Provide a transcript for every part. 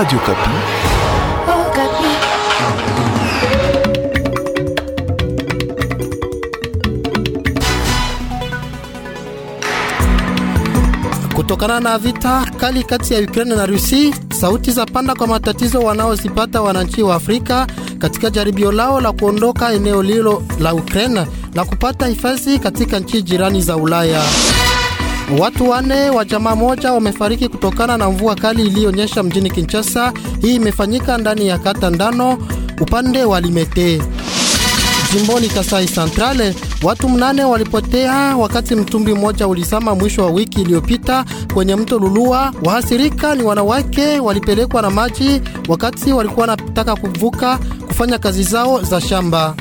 Radio Kapi. Oh, Kapi. Kutokana na vita kali kati ya Ukraine na Rusi, sauti za panda kwa matatizo wanaozipata wananchi wa Afrika katika jaribio lao la kuondoka eneo lilo la Ukraine na kupata hifadhi katika nchi jirani za Ulaya. Watu wane wa jamaa moja wamefariki kutokana na mvua kali iliyonyesha mjini Kinshasa. Hii imefanyika ndani ya kata ndano upande wa Limete. Jimboni Kasai Centrale watu mnane walipotea wakati mtumbi mmoja ulizama mwisho wa wiki iliyopita kwenye mto Lulua. Wahasirika ni wanawake walipelekwa na maji wakati walikuwa wanataka kuvuka kufanya kazi zao za shamba.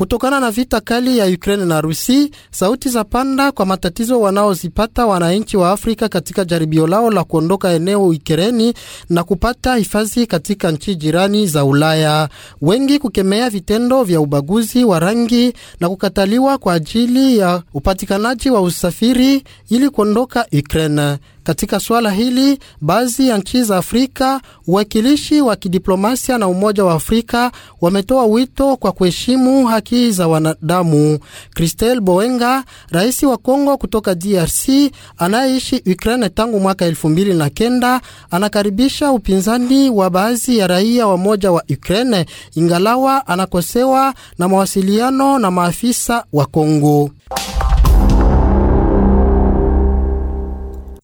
Kutokana na vita kali ya Ukraine na Rusi, sauti za panda kwa matatizo wanaozipata wananchi wa Afrika katika jaribio lao la kuondoka eneo Ukereni na kupata hifadhi katika nchi jirani za Ulaya, wengi kukemea vitendo vya ubaguzi wa rangi na kukataliwa kwa ajili ya upatikanaji wa usafiri ili kuondoka Ukraine. Katika suala hili, baadhi ya nchi za Afrika, uwakilishi wa kidiplomasia na Umoja wa Afrika wametoa wito kwa kuheshimu haki za wanadamu. Christel Bowenga, rais wa Kongo kutoka DRC anayeishi Ukraine tangu mwaka kenda, anakaribisha upinzani wa baadhi ya raia wamoja wa Ukraine, ingalawa anakosewa na mawasiliano na maafisa wa Kongo.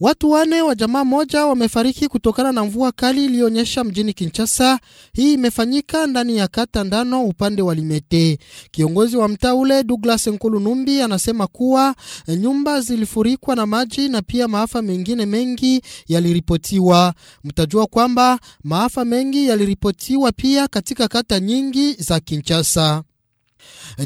Watu wane wa jamaa moja wamefariki kutokana na mvua kali iliyonyesha mjini Kinshasa. Hii imefanyika ndani ya kata ndano upande wa Limete. Kiongozi wa mtaa ule Douglas Nkulunumbi anasema kuwa eh, nyumba zilifurikwa na maji na pia maafa mengine mengi yaliripotiwa. Mtajua kwamba maafa mengi yaliripotiwa pia katika kata nyingi za Kinshasa.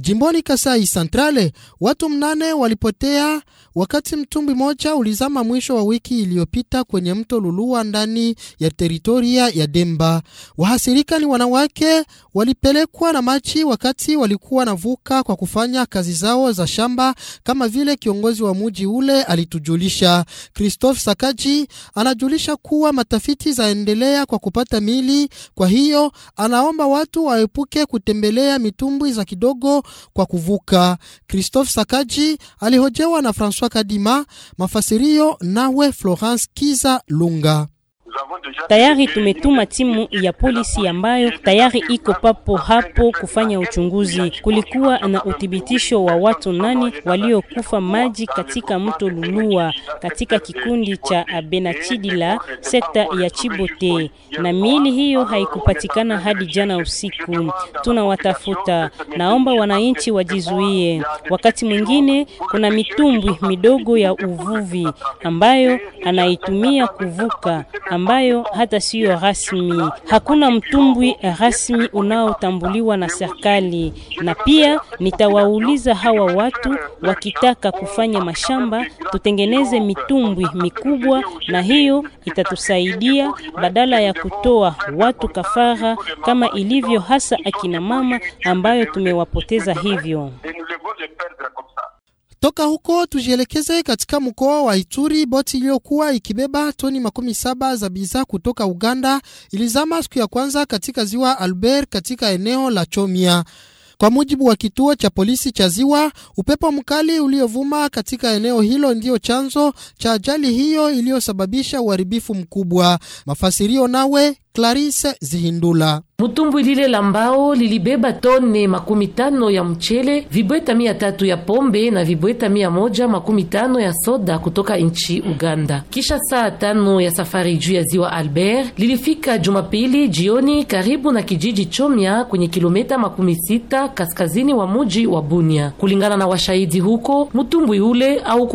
Jimboni Kasai centrale watu mnane walipotea wakati mtumbwi moja ulizama mwisho wa wiki iliyopita kwenye mto Lulua ndani ya teritoria ya Demba. Wahasirika ni wanawake, walipelekwa na maji wakati walikuwa navuka kwa kufanya kazi zao za shamba, kama vile kiongozi wa muji ule alitujulisha. Christophe Sakaji anajulisha kuwa matafiti zaendelea kwa kupata mili, kwa hiyo anaomba watu waepuke kutembelea mitumbwi za kidogo kidogo kwa kuvuka. Christophe Sakaji alihojewa na Francois Kadima, mafasirio nawe Florence Kiza Lunga. Tayari tumetuma timu ya polisi ambayo tayari iko papo hapo kufanya uchunguzi. Kulikuwa na uthibitisho wa watu nane waliokufa maji katika mto Lulua katika kikundi cha Benachidila sekta ya Chibote, na miili hiyo haikupatikana hadi jana usiku. Tunawatafuta, naomba wananchi wajizuie. Wakati mwingine kuna mitumbwi midogo ya uvuvi ambayo anaitumia kuvuka ambayo ambayo hata siyo rasmi. Hakuna mtumbwi rasmi unaotambuliwa na serikali, na pia nitawauliza hawa watu wakitaka kufanya mashamba, tutengeneze mitumbwi mikubwa, na hiyo itatusaidia badala ya kutoa watu kafara kama ilivyo hasa akina mama ambayo tumewapoteza hivyo. Toka huko tujielekeze katika mkoa wa Ituri. Boti iliyokuwa ikibeba toni makumi saba za bidhaa kutoka Uganda ilizama siku ya kwanza katika ziwa Albert katika eneo la Chomia. Kwa mujibu wa kituo cha polisi cha ziwa, upepo mkali uliovuma katika eneo hilo ndiyo chanzo cha ajali hiyo iliyosababisha uharibifu mkubwa. Mafasirio nawe Clarisse Zihindula. Mtumbwi lile la mbao lilibeba tone makumi tano ya mchele, vibweta mia tatu ya pombe na vibweta mia moja makumi tano ya soda kutoka nchi Uganda. Kisha saa tano ya safari juu ya ziwa Albert lilifika Jumapili jioni karibu na kijiji Chomya kwenye kilometa makumi sita kaskazini wa muji wa Bunia. Kulingana na washahidi huko, mutumbwi ule au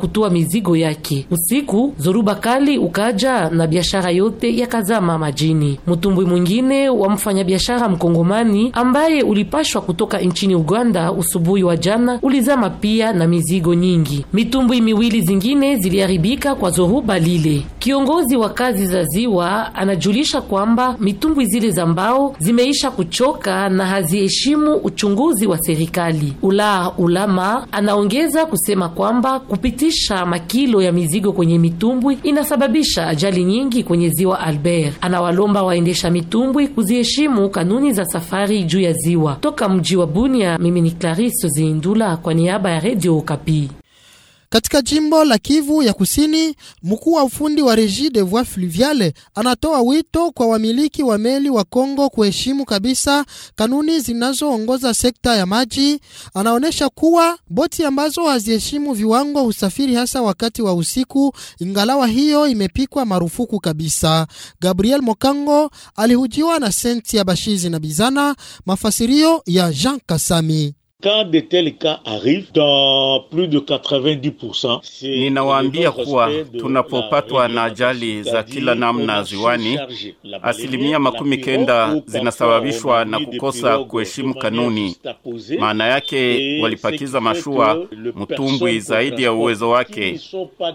kutua mizigo yake. Usiku zoruba kali ukaja na biashara yote yakazama kama majini. Mtumbwi mwingine wa mfanyabiashara mkongomani ambaye ulipashwa kutoka nchini Uganda usubuhi wa jana ulizama pia na mizigo nyingi. Mitumbwi miwili zingine ziliharibika kwa zoruba lile. Kiongozi wa kazi za ziwa anajulisha kwamba mitumbwi zile za mbao zimeisha kuchoka na haziheshimu uchunguzi wa serikali. Ula Ulama anaongeza kusema kwamba kupitisha makilo ya mizigo kwenye mitumbwi inasababisha ajali nyingi kwenye ziwa Albert anawalomba waendesha mitumbwi kuziheshimu kanuni za safari juu ya ziwa. Toka mji wa Bunia, mimi ni Clarisse Zindula kwa niaba ya Radio Okapi. Katika jimbo la Kivu ya Kusini, mkuu wa ufundi wa Regie des Voies Fluviales anatoa wito kwa wamiliki wa meli wa Kongo kuheshimu kabisa kanuni zinazoongoza sekta ya maji. Anaonyesha kuwa boti ambazo haziheshimu viwango husafiri hasa wakati wa usiku, ingalawa hiyo imepikwa marufuku kabisa. Gabriel Mokango alihujiwa na Sentia Bashizi na Bizana, mafasirio ya Jean Kasami. Quand de tels cas arrivent dans plus de 90%, ninawaambia kuwa tunapopatwa na ajali za kila namna ziwani, asilimia makumi kenda zinasababishwa na kukosa kuheshimu kanuni. Maana yake walipakiza mashua mtumbwi zaidi ya uwezo wake.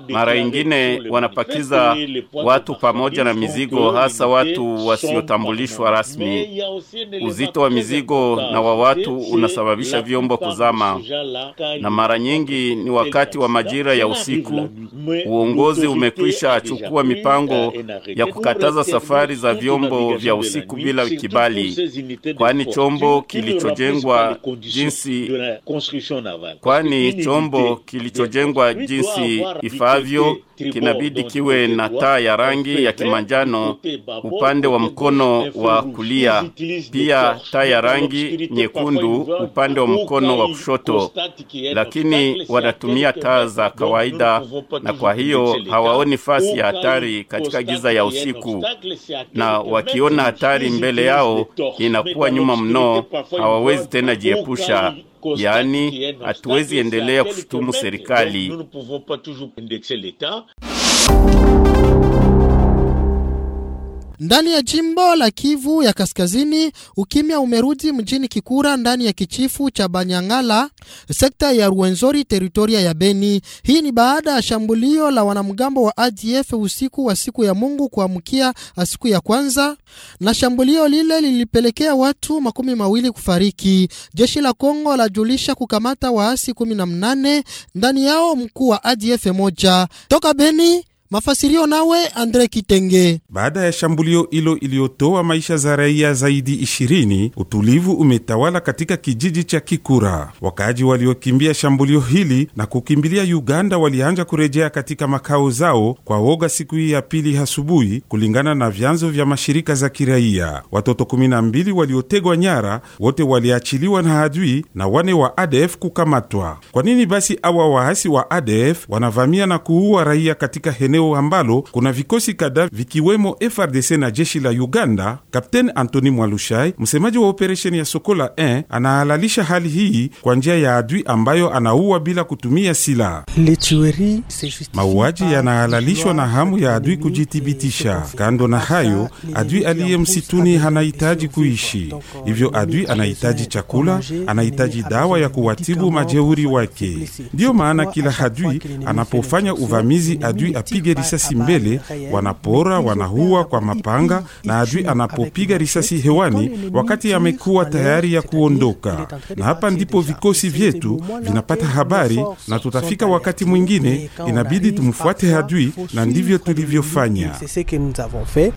Mara nyingine wanapakiza watu pamoja na mizigo, hasa watu wasiotambulishwa rasmi. Uzito wa mizigo na wa watu unasababisha vyo vyombo kuzama, na mara nyingi ni wakati wa majira ya usiku. Uongozi umekwisha achukua mipango ya kukataza safari za vyombo vya usiku bila kibali, kwani chombo kilichojengwa jinsi kwani chombo kilichojengwa jinsi ifavyo kinabidi kiwe na taa ya rangi ya kimanjano upande wa mkono wa kulia, pia taa ya rangi nyekundu upande wa mkono wa kushoto, lakini wanatumia taa za kawaida, na kwa hiyo hawaoni fasi ya hatari katika giza ya usiku, na wakiona hatari mbele yao inakuwa nyuma mno, hawawezi tena jiepusha yaani hatuwezi endelea kushutumu serikali. Ndani ya jimbo la Kivu ya Kaskazini, ukimya umerudi mjini Kikura ndani ya kichifu cha Banyangala, sekta ya Ruwenzori, teritoria ya Beni. Hii ni baada ya shambulio la wanamgambo wa ADF usiku wa siku ya Mungu kuamkia siku ya kwanza, na shambulio lile lilipelekea watu makumi mawili kufariki. Jeshi la Kongo lajulisha kukamata waasi kumi na mnane ndani yao mkuu wa ADF moja toka Beni. Mafasirio nawe Andre Kitenge. Baada ya shambulio hilo iliyotoa maisha za raia zaidi ishirini, utulivu umetawala katika kijiji cha Kikura. Wakaaji waliokimbia shambulio hili na kukimbilia Uganda walianja kurejea katika makao zao kwa woga siku hii ya pili asubuhi, kulingana na vyanzo vya mashirika za kiraia. Watoto 12 waliotegwa nyara wote waliachiliwa na adui na wane wa ADF kukamatwa. Kwa nini basi awa waasi wa ADF wanavamia na kuua raia katika hene eneo ambalo kuna vikosi kadhaa vikiwemo FRDC na jeshi la Uganda. Kapteni Antony Mwalushai, msemaji wa operesheni ya Sokola 1, anahalalisha hali hii kwa njia ya adui ambayo anaua bila kutumia silaha. Mauaji yanahalalishwa na hamu ya adui kujithibitisha. Kando na hayo, adui aliye msituni hanahitaji kuishi, hivyo adui anahitaji chakula, anahitaji dawa ya kuwatibu majeuri wake. Ndiyo maana kila adui anapofanya uvamizi, adui apige wapige risasi mbele, wanapora, wanahua kwa mapanga, na adui anapopiga risasi hewani wakati amekuwa tayari ya kuondoka. Na hapa ndipo vikosi vyetu vinapata habari, na tutafika wakati mwingine inabidi tumfuate hadui, na ndivyo tulivyofanya.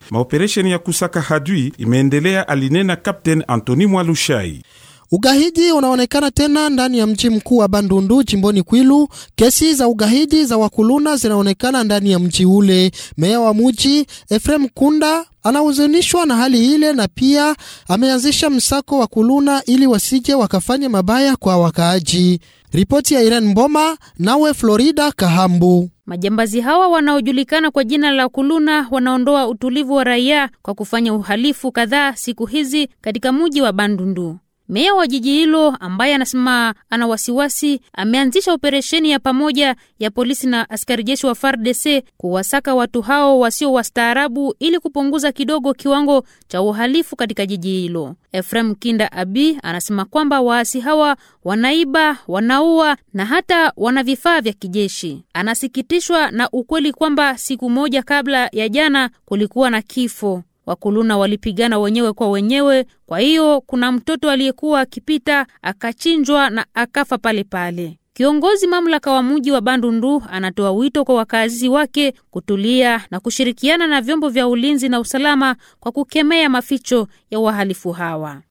Maoperesheni ya kusaka hadui imeendelea, alinena Kapten Antoni Mwalushai. Ugahidi unaonekana tena ndani ya mji mkuu wa Bandundu jimboni Kwilu. Kesi za ugahidi za wakuluna zinaonekana ndani ya mji ule. Meya wa mji Efrem Kunda anahuzunishwa na hali ile na pia ameanzisha msako wa kuluna ili wasije wakafanya mabaya kwa wakaaji. Ripoti ya Irene Mboma nawe Florida Kahambu. Majambazi hawa wanaojulikana kwa jina la kuluna wanaondoa utulivu wa raia kwa kufanya uhalifu kadhaa siku hizi katika mji wa Bandundu. Meya wa jiji hilo ambaye anasema ana wasiwasi, ameanzisha operesheni ya pamoja ya polisi na askari jeshi wa FARDC kuwasaka watu hao wasio wastaarabu ili kupunguza kidogo kiwango cha uhalifu katika jiji hilo. Efrem Kinda Abi anasema kwamba waasi hawa wanaiba, wanaua na hata wana vifaa vya kijeshi. Anasikitishwa na ukweli kwamba siku moja kabla ya jana kulikuwa na kifo Wakuluna walipigana wenyewe kwa wenyewe, kwa hiyo kuna mtoto aliyekuwa akipita akachinjwa na akafa pale pale. Kiongozi mamlaka wa mji wa Bandundu anatoa wito kwa wakazi wake kutulia na kushirikiana na vyombo vya ulinzi na usalama kwa kukemea maficho ya wahalifu hawa.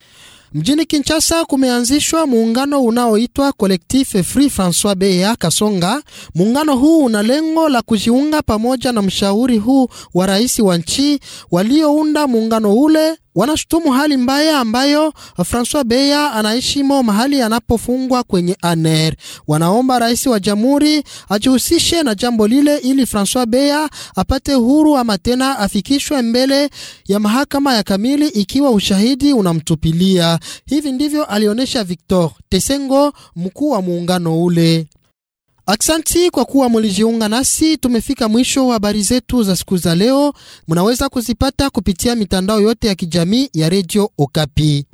Mjini Kinshasa kumeanzishwa muungano unaoitwa Collectif Free Francois Beya Kasonga. Muungano huu una lengo la kujiunga pamoja na mshauri huu wa rais wa nchi waliounda muungano ule wanashutumu hali mbaya ambayo Francois Beya anaishimo mahali anapofungwa kwenye aner. Wanaomba rais wa jamhuri ajihusishe na jambo lile ili Francois Beya apate uhuru ama tena afikishwe mbele ya mahakama ya kamili ikiwa ushahidi unamtupilia. Hivi ndivyo alionyesha Victor Tesengo, mkuu wa muungano ule. Aksanti kwa kuwa mulijiunga nasi. Tumefika mwisho wa habari zetu za siku za leo. Munaweza kuzipata kupitia mitandao yote ya kijamii ya Radio Okapi.